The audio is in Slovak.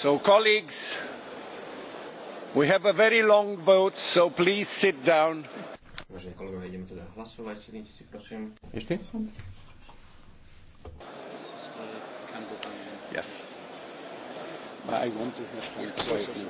So, colleagues, we have a very long vote, so please sit down. Vážení kolegovia, ideme teda hlasovať. Sednite si, prosím. Ešte? Yes. I want to have some quietness.